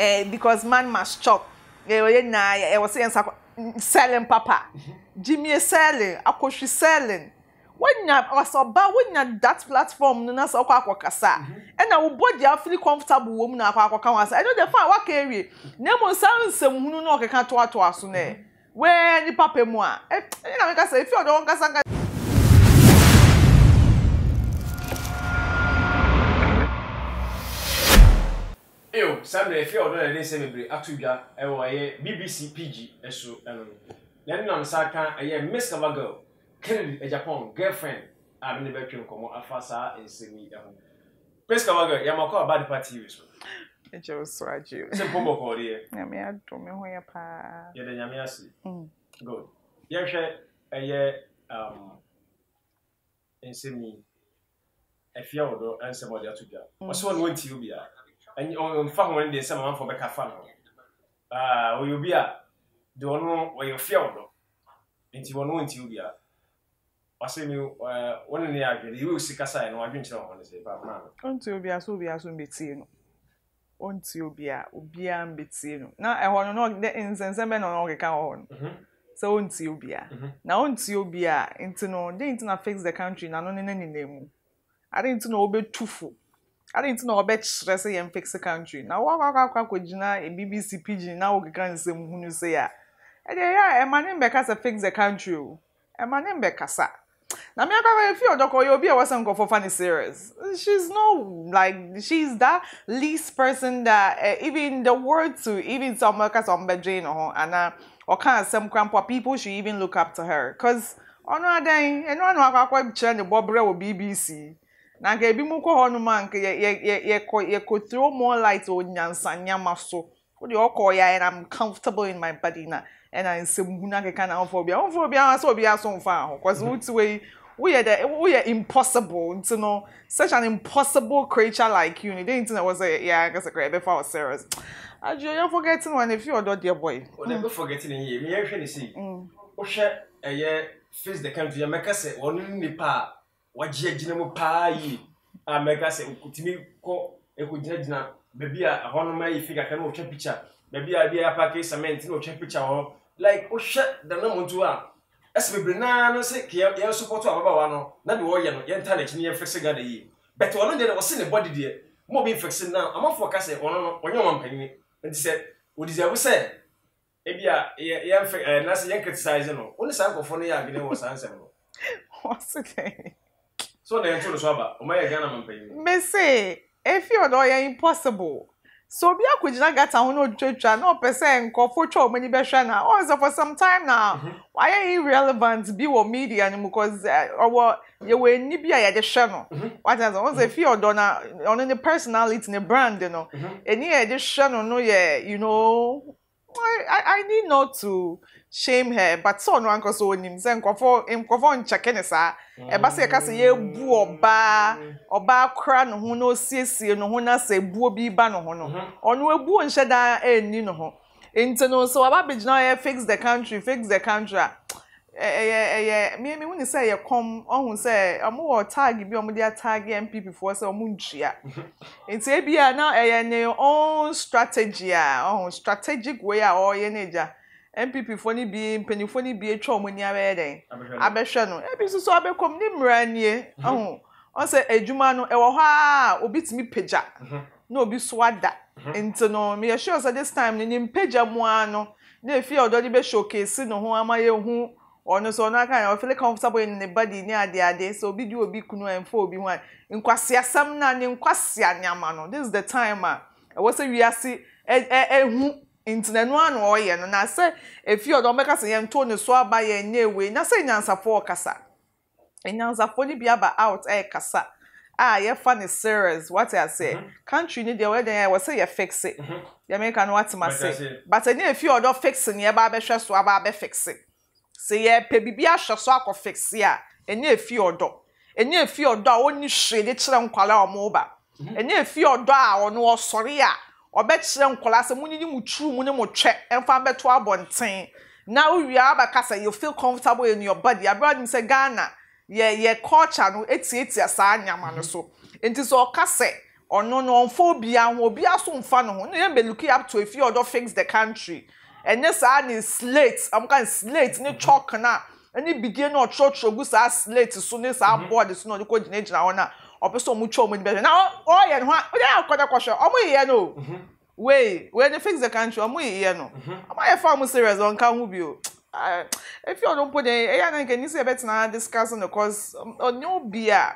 eh, because man must chop ɛyɛ eh, nyinaa ɛwɔ eh, sɛ yɛn nsa selling papa mm-hmm. jimmy selling akɔhwe selling wonya ɔsɔba wonya that platform no na sɛ ɔkɔ akɔkasa mm-hmm. And wo body afili comfortable wɔ mu na akɔ akɔka wɔn asa ɛno de fa a waka ewie mm-hmm. na emu nsa nsɛmuhunu na ɔkeka toatoa so nɛ wɛɛ nipa pɛ mu a ɛna mi say if you wɔn kasa nkasa. ew sam na efi ɔdɔ na ɛde nsɛm bebree ato dwa ɛwɔ ɛyɛ bbc pg ɛso ɛno na ɛno nam saa ka ɛyɛ miss cavagirl kennedy ɛ eh, japan girlfriend a ne ne bɛtwe nkɔmmɔ afa saa nsɛm yi ɛho miss cavagirl yɛma kɔ aba depa tv so ɛkyɛ wo so agye sɛ mpo bɔkɔ ɔdeɛ nyame ado me ho yɛ paa yɛda nyame ase mm. good yɛhwɛ ɛyɛ um, nsɛm yi ɛfi ɔdɔ nsɛm ɔde ato dwa mm. ɔsɛ mfa ho ne deɛ sɛ mamafo bɛka fa no ɔyɛ obi a deɛ ɔno ɔyɛ fia wo dɔ nti wɔno wɔnti wo biara ɔsɛ mi wɔne ne adwene yɛwɛ osi kasaeɛ no wadwenkyerɛ wɔ ne sɛ baamaa no ɔnti obiara so obiara so mbɛtie no ɔnti obiara obiara mbɛtie no na ɛhɔ no na nsɛnsɛm bɛ na ɔno ɔkeka wɔ hɔ no mhm. sɛ ɔnti obiara mhm. na ɔnti obiara nti no de nti na fix the country na no ne ne nenam mu ade nti na ɔbɛtu fo ade nti na ɔbɛkyerɛ sɛ yɛn fix country na wakɔ akɔ akɔ akɔgyina bbc pidgin na wɔkeka nsɛm hunu sɛ yɛ a ɛdeɛ eh, yɛ a ɛma eh, ne mbɛkasa fix the country o oh. ɛma eh, ne mbɛkasa na mi akɔ efi ɔdɔkɔ yɛ obi a wɔsɛ nkɔfɔ fa ne serious she's no like she's that least person that uh, even the word to even sɛ ɔmo kasa ɔmo bɛdwe ne ho ana ɔka asɛm kora mpo people should even look up to her cause ɔno adan ɛno ano akɔ akɔ kyerɛ ne bɔbrɛ wɔ oh, bbc na nka ebi mu kɔ hɔnom a nka yɛ yɛ yɛ yɛkɔ yɛkɔ throw more light wɔ nyansanyama so o de ɔkɔ ya and i'm comfortable in my body na ɛna nsɛm hu na keka na ɔnfɔ obi a ɔnfɔ obi a ɔsɛ obi aso nfa aho kɔsi wotu wei woyɛ dɛ woyɛ impossible nti no such an impossible creature like you ne de nti na wɔ sɛ yɛ akasɛ kora yɛbɛfa wɔ serious adwo yɛ forgetting wɔn efi ɔdɔ deɛ boy. o de bɛ forgetting yie mi yɛn hwɛ ne si. wohwɛ ɛyɛ face the country yɛ mɛka sɛ wɔn nipa a wagye agyina mu paa yie a mɛka sɛ wotumi kɔ ɛkɔgyinagyina baabi a hɔnom ayɛ fi kakra na wɔtwa pikya baabi a biara paake cement na wɔtwa pikya hɔ like wohwɛ danamo nto a ɛsɛ bebree naa no sɛ yɛn sopɔtɔ ababaawa no na deɛ wɔreyɛ no yɛnta n'akyi ne yɛmfɛse gada yie bɛtɛ ɔno deɛ no wɔse ne bɔde deɛ ma obi mfɛse na amanfoɔ ka sɛ ɔno no ɔnyɛ ɔma mpanyin nti sɛ odisabu sɛ ebi a yɛmfɛ ɛɛ eh, na sɛ yɛn criticize no wɔn ne saa nkɔfoɔ no yɛ adwene wɔ saa nsɛm no. wɔn se dɛ so na yɛnto no so aba ɔmayɛ ghana mampanyin mese efi ɔdɔ ɔyɛ impossible so obi akɔgyina gata ho na ɔtwatwa na ɔpɛ sɛ nkɔfo twa ɔmani bɛhwɛ na ɔn oh, for some time na mhm. wayɛ irrelevant bi wɔ media no mu cause eh, ɔwɔ yɛwɔ ani bi a yɛde hwɛ no mhm. wata sɛ ɔn sɛ fi ɔdɔ na ɔno ne personality ne brand no mhm. ani a yɛde hwɛ no no yɛ you know I, I, I need not to shame her, but sọ no anko so onim sɛ nkɔfo nkɔfo nkyɛke ne saa. Ɛba sɛ yɛka sɛ yɛbu ɔbaa ɔbaa kora ne ho na si ne ho na sɛ ebuo bi ba ne ho no. Ɔno mhm. ebuo nhyɛ daa ɛnni ne ho. Nti no nso waba abɛgyina hɔ fix the country fix the country ɛyɛ ɛyɛ mmea mi wuni sɛ ɛyɛ kɔm ɔhun sɛ ɔmo wɔ taagi bi ɔmo de ataagi npp foɔ sɛ ɔmo ntua nti ebi a na ɛyɛ ne own strategy a ɔhun strategic way a ɔyɛ n'egya npp foɔ ni bi mpanyinfoɔ ni bi etwa ɔmo ni abɛyɛ dɛ abɛhwɛ no ebi nso so abɛkɔm ne mmeran nie ɔhun ɔsɛ edwuma no ɛwɔ hɔ a obi tumi pagya mhm. na obi so ada mhm. nti no meyɛ sure sɛ this time ne ne mpagya mu ano na efi a ɔdɔ de bɛ showcase ne ho ama yɛ ɔno nso ɔno aka yɛn ɔfili comfortable in ne body ne adeade so obi di obi kunu ɛnfo obi ho a nkwasiasɛm na ni nkwasia nyama no this is the time a ah. ɛwɔ sɛ wiase ɛhu ntinanu ano ɔyɛ no na sɛ efi ɔdɔ ɔbɛka sɛ yɛn to ne so aba yɛn nye ewe na sɛ nyansafoɔ ɔkasa nyansafoɔ ne bi aba out ɛɛkasa a yɛfa ne serious wate ase mhm. country ni deɛ wɔyɛ deɛ wɔ sɛ yɛ fixe mhm. yɛmɛka no wate ma se but ɛne efi ɔdɔ fixe ne yɛba abɛhwɛ so aba abɛ fixe sɛ yɛpɛ biribi ahwɛ so akɔ fixe a ɛnyɛ efi ɔdɔ ɛnyɛ efi ɔdɔ a ɔnni hwee de kyerɛ nkwalaa a ɔmo ba mhm. ɛnyɛ efi ɔdɔ a ɔno ɔsɔre a ɔbɛkyerɛ nkwalaa sɛ mo ne mo mu ne mo twɛ ɛnfa bɛto na owia abaka sɛ you feel comfortable in your body Abroad nim sɛ ghana Ye ye culture no etiatia saa nyama no mhm. so nti sɛ ɔka sɛ ɔno no ɔnfɔ obiara ho obiara nfa ne ho ne yɛn bɛ looking up to efi ɔdɔ fix the country ɛnyɛ saa ne slate amuka ne slate ne mhm. chalk na ɛne bidie na ɔtwerɛtwerɛ gu saa slate so ne saa mhm. board so na ɔde kɔ gyinagyina hɔ na ɔpɛ sɛ ɔmo twɛ ɔmo ni bɛhwɛ na ɔyɛ no ho a ɔde akɔda kɔhwɛ ɔmo yiyɛ no mhm. wei wei ne fix the country ɔmo yiyɛ no ɔmo ayɛ fam serious ɔnka ho bi o ah, efi ɔno mpo de eya na nkɛ nisi ɛbɛtena discuss no cause um, ɔne obi a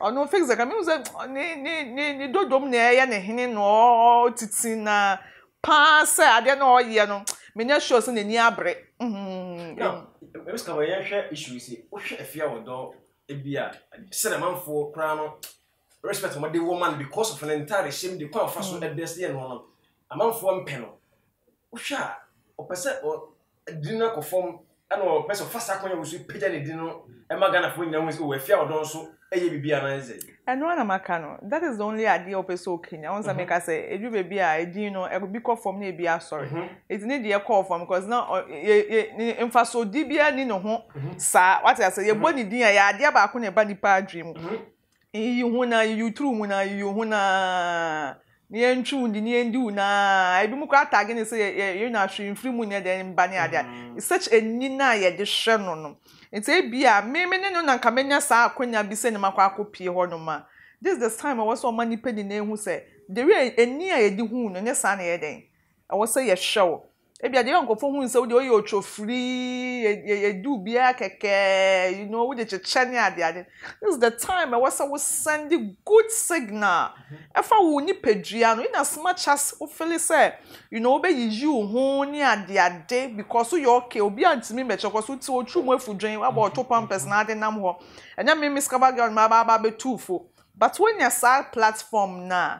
ɔno fix the country mi sɛ ne ne ne ne dodom na ɛyɛ ne hene na ɔtiti na paa sɛ adeɛ na ɔyɛ no. Menya sure sɛ n'ani abere. ɛbisi mhm. kama yɛn hwɛ issue si wohwɛ efi a wɔdɔ ebi a sinamanfoɔ koraa no respect wɔn de wɔn man because of ne ntaare hyɛm de kwan fa so mhm. ɛdɛ si yɛn wɔn amanfoɔ mpɛ no wohwɛ a ɔpɛ sɛ ɔ dini akɔ fam ɛna ɔpɛ sɛ ɔfa saa akɔnya wɔn so pagya ne dini no ɛma ghanafoɔ nyinaa wɔn sɛ ɔwɔ oh, efi a wɔdɔ nso ɛyɛ biribi anan sɛ. ɛno ana maka no that is the only adeɛ ɔpɛ sɛ oke na ɔnsa meka mhm. sɛ edu beebi a edin no ebi kɔ fam na ebi asɔre eti mhm. ne deɛ kɔɔ fam because na yɛ yɛ nfasodi biara ni ne ho saa wate ase yɛbɔ ne din a yɛ adeɛ baako na ɛba nipa adwiri mhm. mu yiyi ho na yiyi turu mu na yiyi ho na ne yɛn twi wundi ne yɛn di wu naa ebi mu koraa taage ne sɛ yɛ yɛ yɛ na ahwɛ nfiri mu ne yɛ de mba ne adeɛ such a nina a yɛde hwɛ no no nti ebi a mmemme ne no na nka menya saa akonnwa bi sɛ ne makɔ akɔpie hɔnom a this is the time ɛwɔ sɛ ɔma nipa nyinaa ehu sɛ deri a ani a yɛde hu no ne saa na yɛ den ɛwɔ sɛ yɛhwɛ wɔ ebi adi yɛ nkɔfo hun sɛ wode oyɛ otwofiri yɛdu bia kɛkɛ you know wode kyekyɛ ne ade ade this is the time ɛwɔ sɛ wo send good signal ɛfa mm-hmm. wo nipadua no in as much as wofele sɛ you know wobɛyiyi wo ho ne ade ade because woyɛ okay obi antumi mmɛkyɛ kɔ so wote otwu mu afu dwen wabɔ ɔto mm-hmm. pampers mm-hmm. na ade nam hɔ ɛnyɛ me miss cover girl ma aba aba bɛtu fo but wonya saa platform na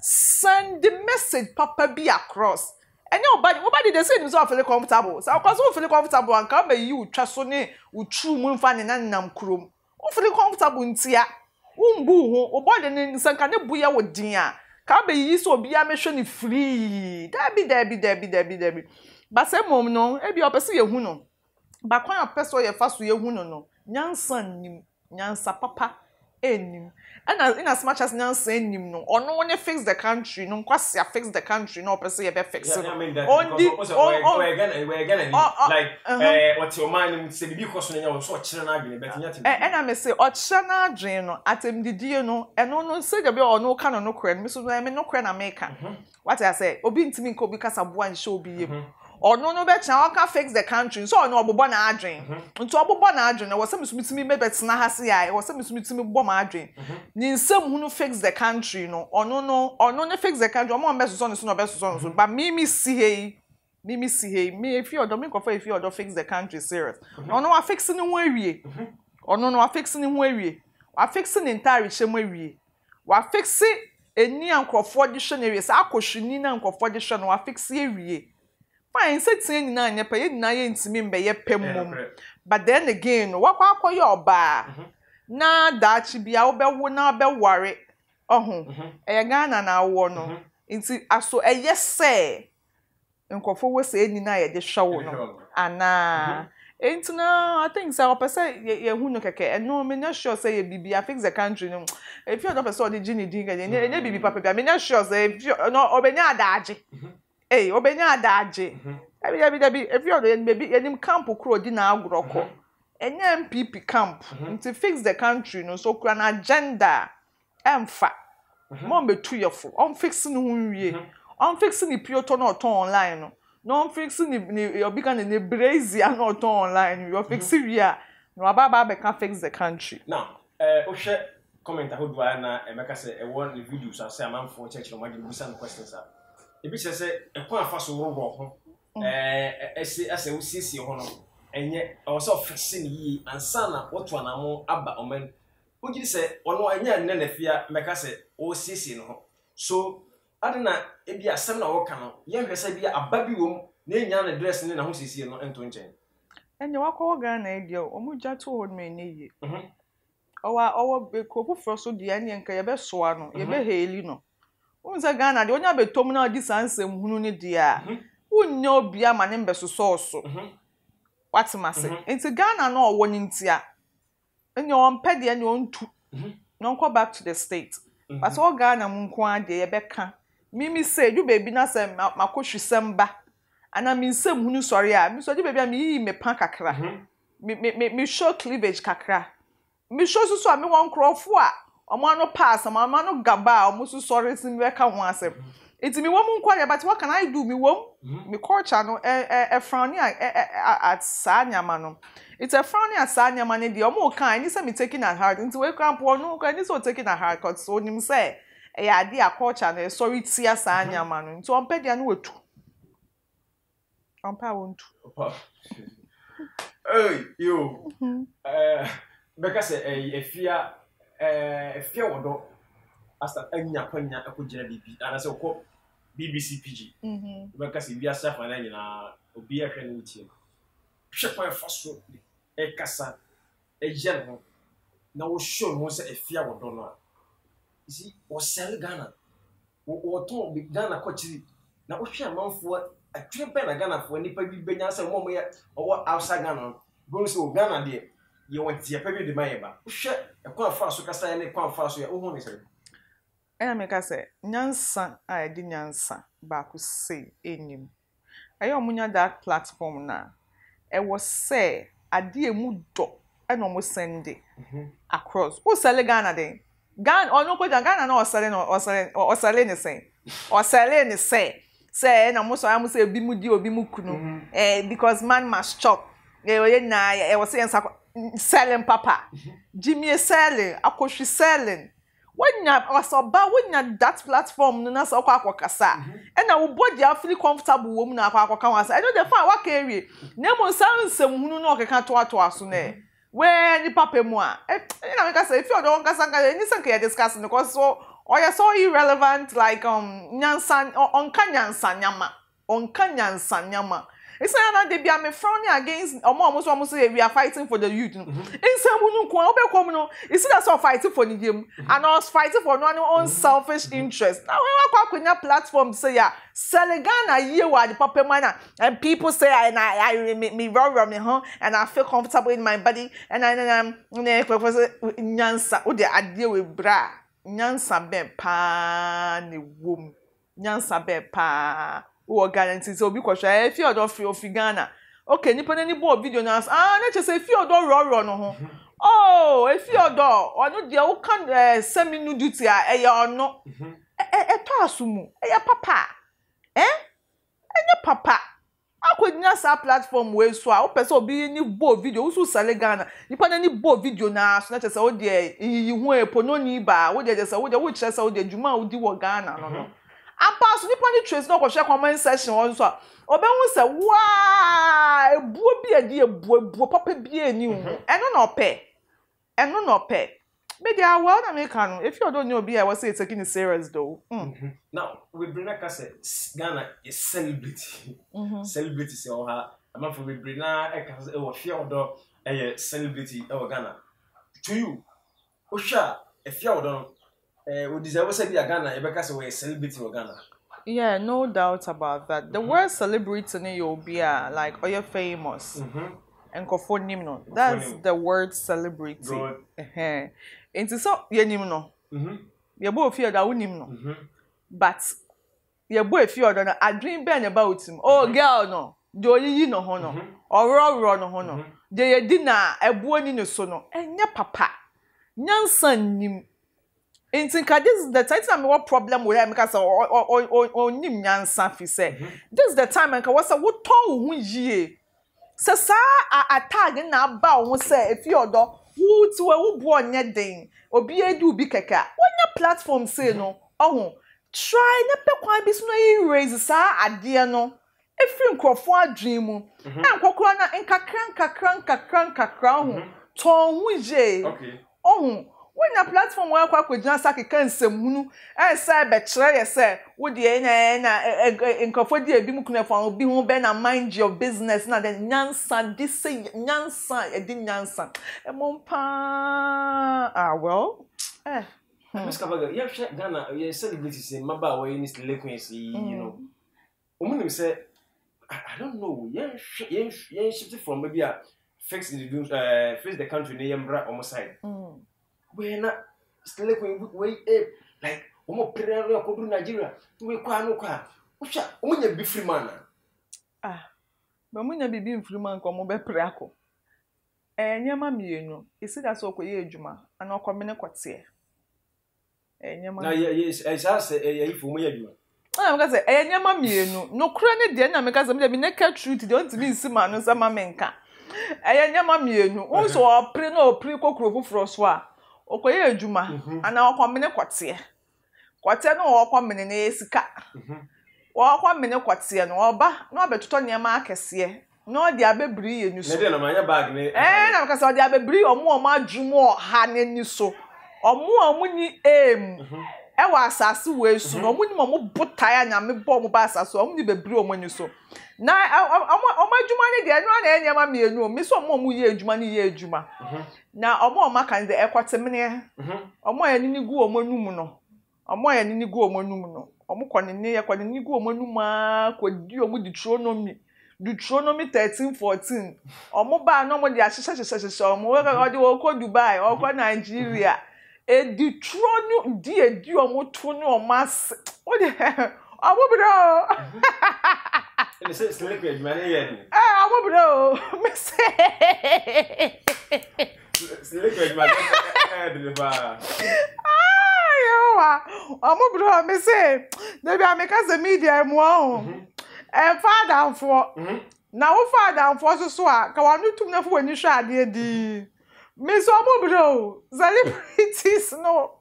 send the message papa bi across ɛnyɛ ɔba ɔba de de se nim sɛ ɔfili comfortable sɛ ɔkɔ so ɔfili comfortable anka ɔma yi ɔtwa so ne ɔturu mu nfa ne nanam kurom ɔfili comfortable ntia ɔmbu ho ɔbɔ de ne nsanka ne bu yɛ wɔ din a ka ɔma yi sɛ obiara mɛhwɛ ne free daabi daabi daabi daabi daabi basa mmom no ebi ɔpɛ sɛ yɛ hu no baako a ɔpɛ sɛ ɔyɛ fa so yɛ hu no no nyansa nim nyansa papa enim ɛna in as much as nyansa enim no ɔno ne fix the country no nkwasi a fix the country na ɔpɛ sɛ yɛbɛ fix no ɔndi ɔn like ɛɛ ɔte ɔman no mu sɛ bibi kɔ so na nya wɔn so ɔkyerɛ n'adwene bɛtɛ nya tɛmɛ. ɛna mi sɛ ɔkyerɛ n'adwene no atɛmdidie no ɛno no sɛgya bi a ɔno ka no no korɛ no mm-hmm. mi so ɛmi no korɛ na mi ka wate asɛ obi ntumi nka obi kasa boa nhyɛ obi yɛ mu ɔno no bɛkyina ɔka fix the country nso ɔno ɔbobɔ n'adwen nti ɔbobɔ n'adwen na wɔsɛ musumitumi bɛ bɛtena ha se a wɔsɛ musumitumi bɔ m'adwen mm-hmm. ne nsɛm hu no fix the country no ɔno no ɔno ne fix the country ɔmo ɔbɛsosɔ ne so na ɔbɛsosɔ ne so ba mimi si he yi mimi si he yi mi efi ɔdɔ mi nkɔfɔ efi ɔdɔ fix the country serious ɔno mm-hmm. wa fix ne ho ewie ɔno no wa fix ne ho ewie wa fix ne ntaare hyɛ mu ewie wa fix eni a nkurɔfoɔ de hwɛ no ewie saa akɔhwini na nkurɔfoɔ de hwɛ no wa fix ewie fine nsetie nyinaa nyɛ pɛ yɛn nyinaa yɛ ntumi mbɛyɛ pɛ mmom but then again wakɔ akɔyɛ ɔbaa mm-hmm. na daakye bia wobɛwo na wobɛware ɔho mm-hmm. ɛyɛ ghana na awoɔ no mm-hmm. nti aso ɛyɛ sɛ nkɔfo wɔ sɛ nyinaa yɛde hwɛ wo no anaa nti na i think sɛ ɔpɛ sɛ yɛhu no kɛkɛ ɛno menyɛ sure sɛ yɛ biribi afix the country no efi ɔdɔ pɛ sɛ ɔde gye ne din kɛkɛ ɛnyɛ biribi papa bi a menyɛ sure sɛ efi ɔbɛnyɛ adaagye ee obenya adagye ebi ebi ebi efi ọdọ yẹn ebi yẹn camp kuro di na agorɔ kɔ ɛnyɛ npp camp mm-hmm. nti fix the country no so kura na agenda ɛnfa mm-hmm. mo n bɛ tu yɛ fo ɔn fix ne ho nwie ɔn mm-hmm. fix ne pio na ɔtɔn online no na ɔn fix ne ne ɔbi ka ne ne brazier na ɔtɔn online no ɔfix wie a na waba aba abɛka fix the country. na o hwɛ comment ahodoɔ a na ɛmɛka eh, sɛ eh, ɛwɔ ne videos ase amanfoɔ kyerɛkyerɛ wɔn adi busa no questions a ebi kyerɛ sɛ ɛkwan afa so worobɔ ho mm. ɛɛ ɛsi asɛ wosiesie hɔ no ɛnyɛ ɔwɔ sɛ ɔfɛsi ne yie ansa na woto anamo aba ɔman wogye sɛ ɔno ɛnyɛ nnɛ na fia mɛka sɛ ɔresiesie ne ho so ade na ebi asɛm na wɔka no yɛhwɛ sɛ bi aba bi wɔ mu na ne dress ne na ho siesie no ɛnto nkyɛn. ɛnyɛ wakɔwɔ ghana edi o wɔn gya to hɔ nom ɛnyɛ yie mhm. ɔwɔ ɔwɔ kuro foforɔ so deɛ ɛnyɛ nka yɛbɛ soa no mhm. yɛbɛ heeli no. Mm -hmm. unze Ghana de onya betom na odi sanse mhunu ne de a mhm. unnya obia ma ne mbeso soso mhm. wati mase mhm. nti Ghana na owo ne ntia enye on pede enye on tu no go back to the state but o Ghana mu nko ade ye beka mimi say ju baby na say makohwesem ba ana mi nsem hunu sɔre a mi sɔ de beebi a mi yi mi pan kakra mi mi mi show cleavage kakra mi show soso a mi wɔ nkorɔfo a ọmụ anụ pass ọmụ anụ gaba ọmụ sọrọ esi ka ho ase eti mi wọm nkwa yaba ti wọka mi wọm mm-hmm. mi culture no e, e, e, ẹ a at saa nyama no ẹfrani at saa nyama no deɛ ɔmo ka mi nti nkwa ɛni sɛ o so onim sɛ ɛyɛ ade a culture no ɛsɔre tia saa no ɛfia eh, wɔ dɔ asa anya kwanya akɔgyina biribi anaasɛ wokɔ bbc pg mhm. wobɛka sɛ wiase afa no nyinaa obi ahwɛ no wotie no hwɛ kwan ɛfa so ɛkasa ɛyɛ ne ho na wɔhyɛ ne ho sɛ ɛfia wɔ dɔ no a si wɔsɛre ghana wɔtɔn ghana kɔkyiri na wohwɛ amanfoɔ atwene bɛn na ghanafoɔ nnipa bi bɛnya sɛ wɔn a wɔyɛ ɔwɔ outside ghana no bɛhu sɛ wɔ ghana deɛ yɛwɔ ntiɛpɛ bi de ma yɛ ba wohwɛ ɛkwan fa so kasa yɛ ne kwan fa so yɛ wohu ne sɛ ɛna meka sɛ nyansa a yɛde nyansa baako sei ɛnim ɛyɛ ɔmo nya that platform na ɛwɔ sɛ adeɛ mu dɔ ɛna ɔmo sɛnde mhm. across wosɛle ghana de ghana ɔno kogya ghana na ɔsɛle na ɔsɛle ɔsɛle ne sɛn ɔsɛle ne sɛ sɛ ɛna mo sɔ ɛmo sɛ ebi mu di obi mu kunu ɛɛ mhm. eh, because man must chop ɛɛ eh, oyɛ nyinaa ɛwɔ sɛ yɛn nsa kɔ selling papa mm-hmm. jimmy selling akoshi selling When wonya ɔsɔba wonya that platform no na sɛ ɔkɔ akɔkasa ɛna wo body afiri comfortable wɔ mu na akɔ I know the ɛno de fa waka sounds some emu nsa nsɛmhunu na ɔkeka toatoa so nɛ wɛɛ nipa pɛ mu a ɛyɛ na meka sɛ efi ɔdɔ wɔn kasa nkasa ɛni sɛ nkɛyɛ discuss no so ɔyɛ so irrelevant like um Nyansan. ɔnka oh, nyansa yama. ɔnka nyansa nyama ɛsiane na de bia mefra ne against ɔmo a ɔmo so we are fighting for the youth no nsɛm no nko a wobɛkɔ mu no esi na sɛ ɔfight for ne mm-hmm. and ɔs fighting for no ne own mm-hmm. selfish mm-hmm. interest na wɔn akɔ akɔnya platform sɛ yɛ a sɛle ghana the paper adi papa mu na and people say i I, i me me rɔrɔ me ho and i feel comfortable in my body and i na na ne kpɛkpɛ sɛ nyansa o de adeɛ wɔ ebira nyansa bɛn paa ne wom nyansa bɛn paa wɔ ghana nti sɛ obi kɔhwɛ ɛfi eh, ɔdɔ fi ofi ghana ok nipa n'ani bɔ obi deɛ ah, n'asɔ aa n'ekyɛ sɛ efi ɔdɔ rɔrɔ no ho mhm. oh efi eh, ɔdɔ ɔno deɛ woka ɛɛ eh, sɛmi no duty a ɛyɛ ɔno mhm. ɛ ɛtɔ aso mu ɛyɛ papa ɛn ɛnyɛ papa akɔgyina saa platform wei so a wopɛ sɛ obi ni bɔ video wosu sale ghana nipa n'ani bɔ video n'aso n'ekyɛ sɛ wodeɛ yiyi ho epo n'oni ba wodeɛ kyɛ sɛ wodeɛ wokyerɛ sɛ wodeɛ dwuma a wodi wɔ ghana no no aba so nipa ne trace no? na share comment section hɔ nso a ɔbɛhu sɛ waa ebuo bi adi ebuo ebuo papa bi eni ho ɛno mm-hmm. na ɔpɛ ɛno na ɔpɛ media awɔ na meka If you don't know be, I was say taking it serious do. Hmm. Mm-hmm. now we bring na case. ghana is celebrity mm-hmm. celebrity say oh sɛ ɔha amafo bebree na ɛka sɛ ɛwɔ fia ɔdɔ ɛyɛ celebrity ɛwɔ eh, ghana to you Osha. If you don't odisa wọ́n sẹ́bi àgànà ẹ bẹ́ẹ̀ ká sẹ́ wọ́n yẹ celebrity wọ Ghana. yeah no doubt about that the mm -hmm. word celebrity ni yóò bí ah, like ọ yẹ famous. Mm -hmm. Nkɔfo no that's the word celebrity nti sɛ yɛ nim no yɛbɔ ofi ɔdɔ awo no mm-hmm. but yɛbɔ efi ɔdɔ no adwene bɛn na ɛba otim oh mm-hmm. girl no deɛ you ne ho no ɔworɔworɔ mm-hmm. raw ho no deɛ yɛdi na ɛboɔ e ni ne so no ɛnyɛ e papa nyansa nim nti nka this is the time na mi wɔ problem wɔ yɛ mi ka sɛ ɔ ɔ ɔ onim nyansa fi sɛ mhm. this is the time nka wɔsɛ wotɔn wo ho yie sɛ saa a ataade na aba wo ho sɛ efi ɔdɔ wutiwa wubu ɔnyɛ den obi edu obi kɛkɛ a wɔnyɛ platform se no mhm. ɔho try ne pɛ kwan bi so na yi raise saa adeɛ no efiri nkurɔfoɔ adwene mu mhm. na nkɔkora na nkakra nkakra nkakra nkakra ho tɔn ho yie ɔho wonya platform wa akɔ akɔgyina sa keka nsɛmhunu ɛsɛ e, bɛkyerɛ yɛ sɛ wodeɛ na na nkurɔfoɔ e, e, di ebi mu kunafa obi ho bɛ na mind your business na then nyansa de se nyansa ɛde nyansa ɛmo paa ah well eh. Hmm. Miss Kabaga, yɛhwɛ Ghana yɛ celebrities mmabaawa yi ne Stella Queens yi you hmm. know wɔn nim sɛ I don't know yɛnhwɛ yɛnhwɛ yɛnhwɛ from maybe a fix the fix the country ne yɛmbra wɔn side. Mm wei na slake wei ape like wɔn pere no akɔduru nigeria wei kɔ ano kɔ a wohwɛ wɔn nya bi firi mu ana. ah bɛn mo nya biribi mfiri mu anka wɔn bɛpere eh, akɔ ɛɛ nneɛma mmienu esi da so ɔkɔyɛ adwuma ana ɔkɔmene kɔteɛ ɛɛ eh, nneɛma. na yɛ yɛ ɛsaa sɛ ɛyɛ ifo wɔn yɛ adwuma. ɛna meka sɛ ɛyɛ nneɛma mmienu n'okura ne deɛ ɛna meka sɛ mi deɛ eh, ah, mi ne ka truth deɛ ɔntumi nsi ma no nsɛm ma mi nka ɛyɛ nneɛma mmienu nso ɔpere na ɔpere kokoro foforɔ so a okɔyɛ adwuma mhm. ana ɔkɔmene kɔteɛ kɔteɛ no wɔkɔmene na ɛyɛ sika wɔkɔmene kɔteɛ no ɔba na ɔbɛtotɔ nneɛma akɛseɛ na ɔde abɛbiri yɛ ni so ɛɛ na mekasa ɔde abɛbiri ɔmo ɔmo adwuma ɔha n'ani so ɔmo ɔmo ni aim. Mhm. ɛwɔ asase wee esu na ɔmo mhm. nim ɔmo bo taa anyame bɔ ɔmo ba asase ɔmo ni bebree ɔmo so na ɔmo ɔmo adwuma na ɛyɛ nneɛma mmienu omi so ɔmo ɔmo yɛ adwuma ne yɛ adwuma mhm. na ɔmo ɔmo aka ne deɛ ɛkɔtemeneɛ ɔmo mhm. ayɛ nini gu ɔmo anum no ɔmo ayɛ nini gu ɔmo anum no ɔmo kɔ yɛ kɔ di ɔmo Dubai ɔkɔ Nigeria. edituro ne di edi ɔmo to ne ɔmo ase o de ɔmo bi dɛ o. ɛna sɛ sinikɛ edwuma ne yɛ ni. ɛɛ ɔmo bi dɛ o mese. sinikɛ edwuma ne yɛ ni paa. ayiwa ɔmo bi dɛ o mese debi amikasa media mu ɔho ɛfa mhm. eh, adanfoɔ mhm. na wofa adanfoɔ soso a kawa no tum na fo w'ani hwɛ adeɛ meso ɔmo brɛ o celebrities no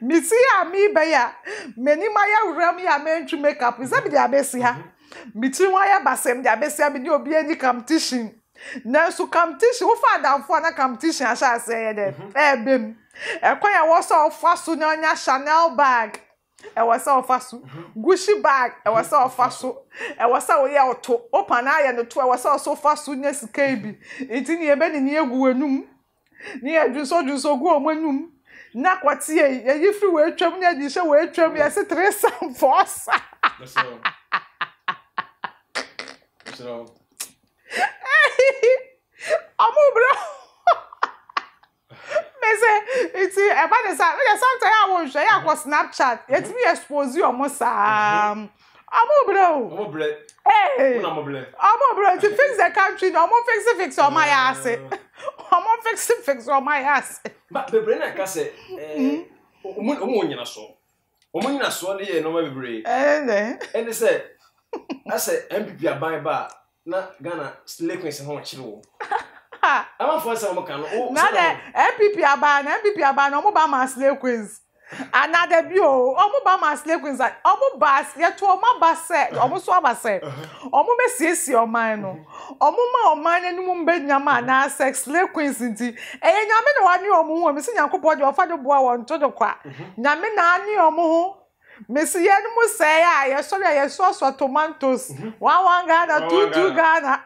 mesi a mebɛyɛ a m'anim ayɛ wura m yɛ a mantwi makeup sɛ mede abɛsi ha metiri ho ayɛ basɛm de abɛsi ha mede obi ani competition nanso competition wofa adamfo a na competition ahyɛ aseɛ yɛ dɛ ɛɛbɛ mu ɛkwan a ɛwɔ sɛ ɔfa so chanel bag e sɛ ɔfa so gushi bag e sɛ ɔfa so ɛwɔ sɛ ɔyɛ ɔto opa na ayɛ no to ɛwɔ sɛ ɔso fa so nya ni bi nti ne yɛbɛ ne ni ne yɛdwesɔdwesɔgu ɔm anwum na kɔteɛ yɛyi firi wɔatwam ne yɛde hyɛ wɔatwam yɛse tere sam fɔɔ sa ɔmo brɛ mese nti ɛba de sa meyɛ santae a wɔnhwɛ yɛ akɔ snapchat yɛtumi expose ɔmo saa I'm I'm a ọmọ brẹ I'm a brẹ I'm a brẹ To fix the country na ọmọ fix it. fix on my ass. I'm ọmọ fix it. fix on ọmọ ayé ase. bebree na ka sɛ ɔmo eh, mm-hmm. onyina so ɔmo nyina so ne yɛ nneɛma bebree ɛne sɛ asɛ npp MPP ba na ghana lakins ho kyerɛ wɔ amafo asɛm ɔmo ka no. na dɛ MPP aban na MPP aban na ɔmo ba ma slay queens another bi o ọmụ ba ma slay queens a ọmụ ba yɛtụ ọmụ aba sɛ ọmụ so aba sɛ ọmụ besiesie ɔman no ọmụ ma ɔman n'anim mbe na anaasɛ slay queens nti ɛyɛ nyame na wani ɔmụ ho mesi nyankopɔ de ɔfa de boa wɔn to do kwa nyame na ani ɔmụ ho mesi yɛn mu sɛ yɛ a yɛsɔrɔ yɛsɔsɔ tomatoes one one ghana two two ghana.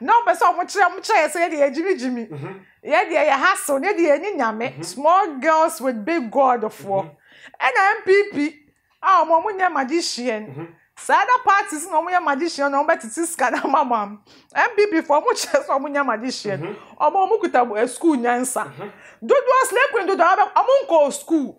No, nọmba sɛ ɔmo kyerɛ ɔmo kyerɛ sɛ yɛde yɛ gyimigyimi mhm. yɛde yɛ hassle yɛde yɛ ni nyame mhm. small girls with big god foɔ mhm. ɛna npp a ɔmo ɔmo nyɛ magician saa da parties na ɔmo yɛ magician na ɔmo bɛtete sika na ama mam npp fo ɔmo kyerɛ sɛ ɔmo nyɛ magician ɔmo ɔmo kuta sukuu eh, nyansa dodoɔ slay queen dodoɔ ɔmo nkɔ sukuu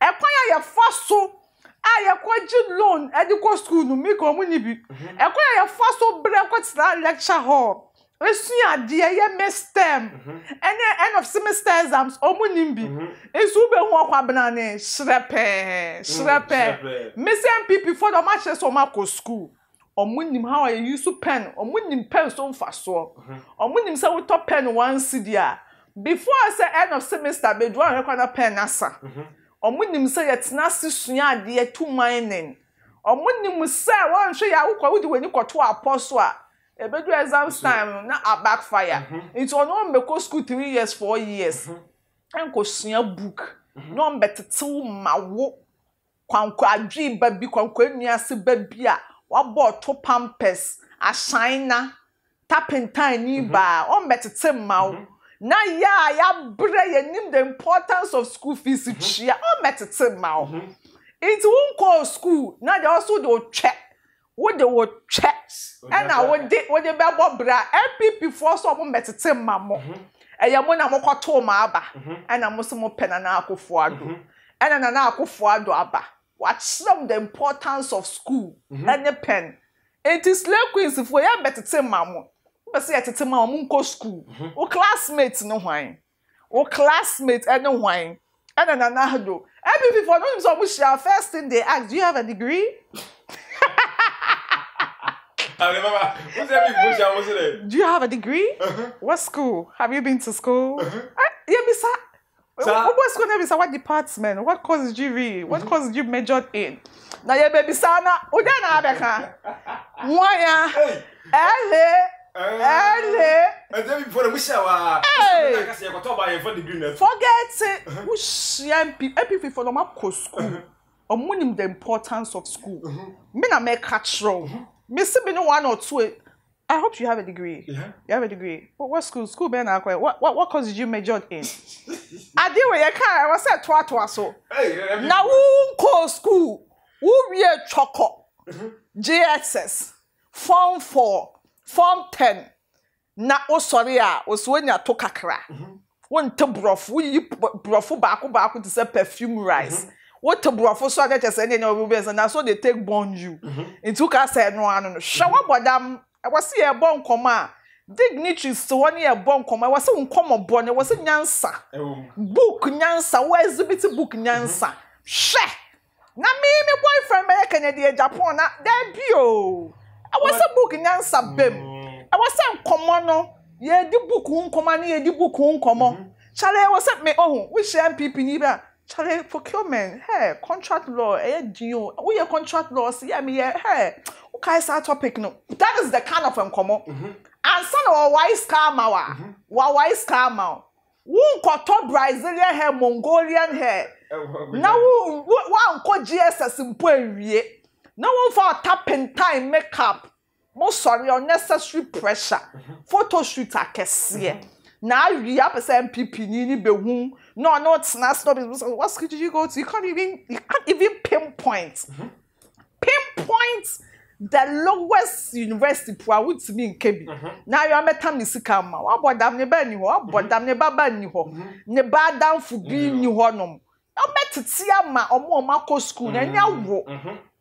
ɛkwan a yɛfa so a yɛkɔgye loan ɛde kɔ school no mi kɔn mu ni bi ɛkɔ mhm. yɛ yɛfa so brɛ kɔ tena lecture hall esua adeɛ yɛ mestem ɛne mhm. end of semester exams ɔmo nim bi nsu bɛ hu ɔkɔ abena ne hyerɛ pɛɛ hyerɛ pɛɛ mesi npp fɔ dɛ ɔmo akyerɛ sɛ ɔmo akɔ school ɔmo nim how ɔyɛ use pen ɔmo nim pen so nfa soɔ ɔmo mhm. nim sɛ wotɔ pen one cd a before sɛ end of semester bedu ɔyɛ kɔ na pen asa. Mm -hmm ɔmo nim sɛ yɛtena ase sua adeɛ tu mining ɔmo nim sɛ wɔnhwɛ yɛ awokɔ wodi w'ani kɔto apɔ so a ebedu exam time na a backfire mhm. nti ɔno ɔmo school three years four years mhm. ɛnko sua book mhm. na ɔmo bɛtetew ma wo kwanko adwi ba bi kwanko enua ase ba bi a wabɔ ɔto pampers ahyɛn na tapintan ni baa ɔmo bɛtete ma wo. Mm -hmm na yɛ a yɛabrɛ yɛnim the importance of school fees kyia mhm. ɔmmɛtete ma wo nti wonkɔɔ school na deɛ ɔso de wotwɛ wode wotwɛ ɛna wode wode bɛbɔ bra npp foɔ so ɔmo mmɛtete ma mo ɛyɛ mhm. mo na mokɔtoo ma aba ɛna mhm. mo so mo pɛ nana akofo ado ɛna nana akofo ado aba wakyerɛ m the importance of school ɛne pɛn nti slay queens foɔ yɛ mmɛtete ma mo wɔsi ɛtete mu a wɔn nkɔ sukuu wo classmate ne hwan wo classmate ɛne eh, hwan ɛna eh, nana do ɛbi eh, fifo no nim sɛ ɔmo hyia first thing they ask do you have a degree. Ale mama, who's that people shall was it? Do you have a degree? Uh-huh. What school? Have you been to school? Uh-huh. Uh, yeah, bisa. What was school name is what department? What course did you read? What uh-huh. course did you major in? Na ye baby sana, udana abeka. Why ya? Eh, ɛne ɛdɛ bi before mu hyɛ wa ɛkasɛ yɛkɔtɔ ba yɛmfa degree forget it. mp mpp fo na ɔma kɔ school ɔmo uh-huh. nim the importance of school uh-huh. me na mɛka kyerɛw me si bi ne one or two I hope you have a degree. Yeah. You have a degree. What, what school? School Ben Akwe. What, what what course did you major in? I did with your car. I was at twa twa so. Hey, I mean, now who call school? Who be a choco? Uh-huh. JSS. Form four. form 10 na wosɔre a wosuo nya to kakra mhm. wonte borɔfo woyi borɔfo baako baako te sɛ perfume rice mhm. wote borɔfo so akyɛkyɛ sɛ ɛnyɛ obi bɛsɛ na so they take born you mhm. nti woka sɛ ɛno ano no hwɛ wabɔ dam ɛwɔ sɛ yɛbɔ nkɔmɔ a dignitaries te hɔ ne yɛbɔ nkɔmɔ ɛwɔ sɛ nkɔmɔbɔ no ɛwɔ sɛ nyansa book nyansa wɔ exhibit book nyansa hwɛ na me me boyfriend bɛyɛ kɛnyɛ deɛ japan na dɛ ɛwɔ sɛ book nyansa bɛm ɛwɔ mm. sɛ nkɔmɔ no yɛdi book nkɔmɔ ne yɛdi book nkɔmɔ kyale mm-hmm. ɛwɔ sɛ mɛ ɔho wohyia npp ni bi a kyale procurement hɛ contract law ɛyɛ e, din o woyɛ contract law si yɛ mi yɛ hɛ wokae saa topic no that is the kind of nkɔmɔ mm-hmm. ansa na wɔwae scar ma wa wɔwae scar ma o wonkɔtɔ brazilian hair mongolian hair eh, na wo wankɔ gss mpo ewie na wọn fa ọta pintan makeup mo sọrọ necessary pressure photo shoot akẹsẹ na awi apẹsẹ npp ni ni behu na ọna ọtena stop it what school did you go to you can't even you can't even pinpoint pinpoint the lowest university po a wotumi nke bi na ayọ mẹta mi sika ma wabọ dam ne ba ni hɔ wabọ dam ne ba ba ni hɔ ne ba adamfo bi ni hɔ nom ɔmɛ tete ama ɔmo ɔmo akɔ school na ɛnya wo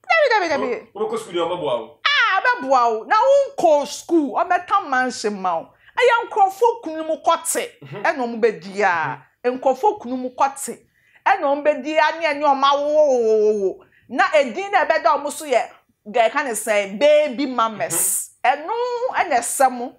dabi dabi dabi. o bɛ kɔ sukuu de ɔmɛ bɔ awo. aa ah, ɔmɛ bɔ awo na n kɔ sukuu ɔmɛ ta mansin ma o ɛyɛ nkurɔfo mhm. mhm. kunu mu kɔte ɛna ɔmo bɛ di ya nkurɔfo kunu mu kɔte ɛna na edin na ɛbɛda ɔmo so yɛ deɛ ɛka baby mamas mhm. ɛno ɛna ɛsɛ mo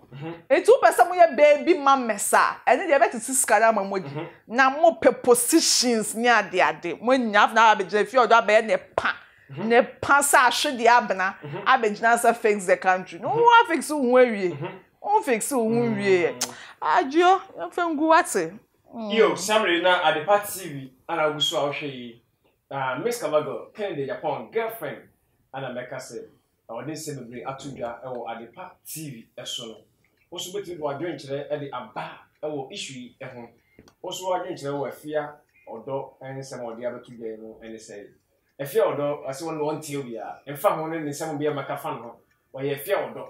etu pɛ sɛ mo yɛ baby mamas a ɛne deɛ ɛbɛtete sika na ama mo di na mo pɛ positions ne adeade mo nya afɔ na abegyina fie ɔdo abɛyɛ ne pa. Mhm. ne pasa ahwe de abena mhm. abegyina sɛ fix the country na mhm. wɔn afix wɔn awie wɔn fix wɔn awie mm. adwo efe ngu wate. Mm. yo samiri na adepa tv ana agusu a ɔhwɛ yi na miss kavago kennedy japan girlfriend ana mɛka sɛ na ɔde nsɛm bebree ato dwa ɛwɔ adepa tv ɛso no wɔso bɛtumi wɔ adwenkyerɛ ɛde aba ɛwɔ isu yi ɛho wɔso wɔ adwenkyerɛ wɔ afia ɔdɔ ɛnsɛm ɔde abɛto dwa yi no ɛne sɛ yi ɛfia ɔdɔ ɔsi wɔn wɔn tie wia nfa ho ne nsɛm bi a maka fa no ho ɔyɛ ɛfia ɔdɔ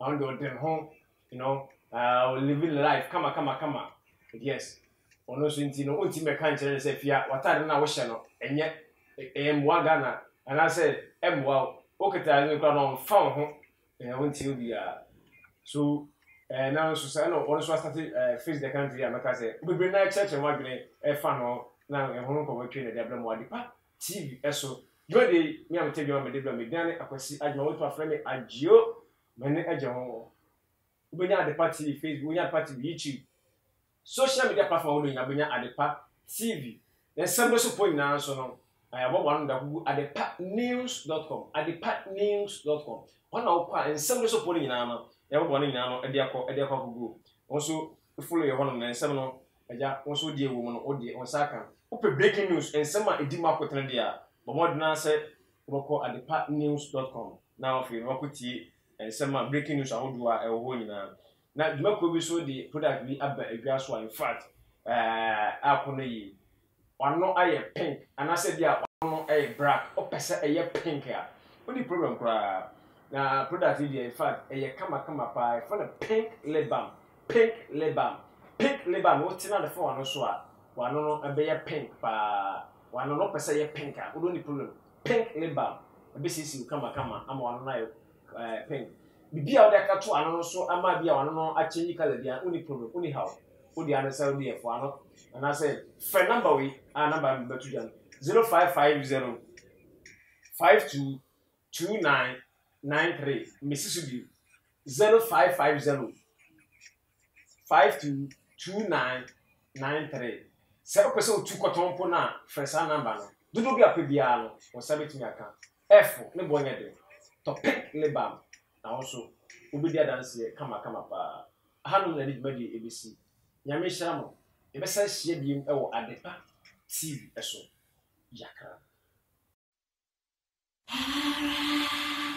na ɔde ɔde ne ho you know uh, living life kama kama kama yes ɔno nso nti no ɔnti mɛka nkyerɛ sɛ fia wataade na wohyɛ no ɛnyɛ ɛyɛ mmoa ghana anaasɛ ɛmmoa e o okita adi kora na ɔnfa wo ho ɛyɛ wɔn tie wia so ɛɛ eh, na nso sɛ ɛna ɔno nso asate eh, ɛɛ face the country a mɛka sɛ bebree na ɛkyerɛkyerɛ wɔn adwene ɛfa no na ɛho nkɔmɔ twɛ na ɛde abɛn mu adi pa tv ɛso dwode mi a metɛ dwuma mede bra medina ne akwasi adwuma wopa frɛ me agyeo mene agya ho wobɛnya adepa tv facebook wonya adepa tv youtube social media platform wo no nyina bɛnya adepa tv na nsɛm no so pɔ nyinaa nso no ayabɔ wa no da gugu adepa news dot com adepa news dot com wɔn na wɔkɔ a nsɛm no so pɔ no nyinaa no ayabɔ wa no nyinaa no ɛde akɔ ɛde akɔ gugu wɔn nso follow yɛ hɔnom na nsɛm no agya wɔn nso die wɔ mu no wɔn deɛ wɔn nsa aka no wopɛ breaking news nsɛm a ɛdi mu akotene deɛ a bɔmmɔdena sɛ wobɛkɔ adepa news com na afei na nsɛm a breaking news ahodoɔ a ɛwɔ hɔ nyinaa na dwumakuo bi so de product bi aba adwa so a infact aako no yi ɔno ayɛ pink anaasɛ deɛ a ɔno yɛ black ɔpɛ sɛ ɛyɛ pink a wodi problem koraa na product yi deɛ infact ɛyɛ kamakama paa ɛfɔ no pink lebam pink lebam pink lebam wotena de fɔ ɔno so a wano no ɛbɛyɛ pink paa wano no pɛ sɛ yɛ pink a wodɔ ni problem pink lip balm ɛbɛsiesie kamakama ama wano no ayɛ ɛɛ eh, pink bibi a wɔde aka to ano no so ama bi a wɔn ano akyɛ yi kala bi a oni problem oni haw odi ano sɛ odi ɛfo ano anaasɛ fɛ namba wei a namba mi bɛtu gya no zero five five zero five two two nine nine three mesi so bi zero five five zero five two two nine nine three sɛ wopɛ sɛ wotu kɔtɔn mpo no a frɛ saa namba no dodo bi apɛ biara no wo sa bɛtumi aka f ne bɔ nyɛ den topic ne bam na wo so wobɛdi adanseɛ kamakama paa hanom na ne dwumadie ɛbɛsi nyame hyira mo yɛbɛsa hyia biom wɔ adepa tv ɛso yakra Para.